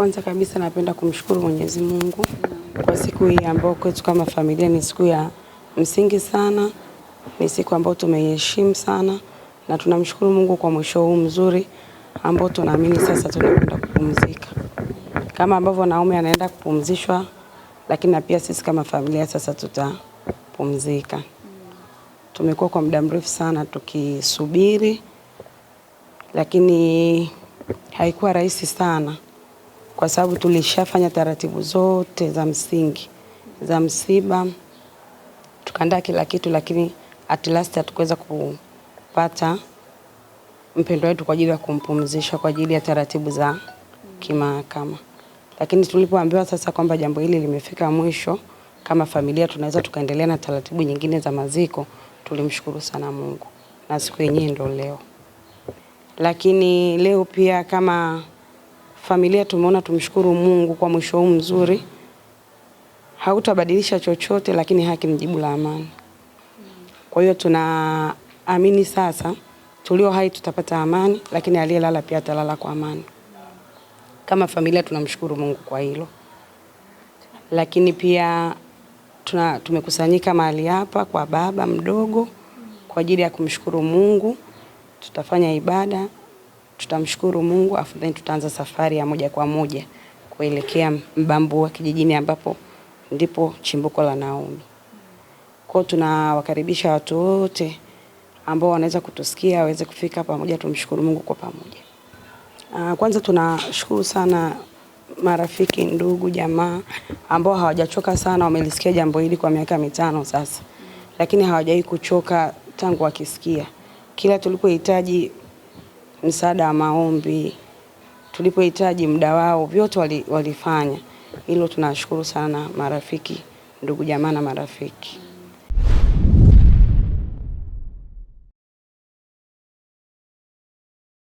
Kwanza kabisa napenda kumshukuru Mwenyezi Mungu kwa siku hii ambayo kwetu kama familia ni siku ya msingi sana, ni siku ambayo tumeiheshimu sana, na tunamshukuru Mungu kwa mwisho huu mzuri ambao tunaamini sasa tunakwenda kupumzika, kama ambavyo Naomi anaenda kupumzishwa, lakini na pia sisi kama familia sasa tutapumzika. Tumekuwa kwa muda mrefu sana tukisubiri, lakini haikuwa rahisi sana kwa sababu tulishafanya taratibu zote za msingi za msiba, tukaandaa kila kitu, lakini at last hatukuweza kupata mpendwa wetu kwa ajili ya kumpumzisha kwa ajili ya taratibu za kimahakama. Lakini tulipoambiwa sasa kwamba jambo hili limefika mwisho, kama familia tunaweza tukaendelea na taratibu nyingine za maziko, tulimshukuru sana Mungu na siku yenyewe ndio leo. Lakini leo pia kama familia tumeona tumshukuru Mungu kwa mwisho huu mzuri, hautabadilisha chochote, lakini haki mjibu la amani. Kwa hiyo tunaamini sasa tulio hai tutapata amani, lakini aliyelala pia atalala kwa amani. Kama familia tunamshukuru Mungu kwa hilo, lakini pia tuna, tumekusanyika mahali hapa kwa baba mdogo kwa ajili ya kumshukuru Mungu. Tutafanya ibada tutamshukuru Mungu afu then tutaanza safari ya moja kwa moja kuelekea Mbambua kijijini ambapo ndipo chimbuko la Naomi. Kwao tunawakaribisha watu wote ambao wanaweza kutusikia waweze kufika pamoja, tumshukuru Mungu kwa pamoja. Ah, kwanza tunashukuru sana marafiki, ndugu, jamaa ambao hawajachoka sana, wamelisikia jambo hili kwa miaka mitano sasa, lakini hawajawahi kuchoka tangu wakisikia. Kila tulikohitaji msaada wa maombi, tulipohitaji muda wao, vyote wali, walifanya. Hilo tunashukuru sana marafiki, ndugu jamaa na marafiki.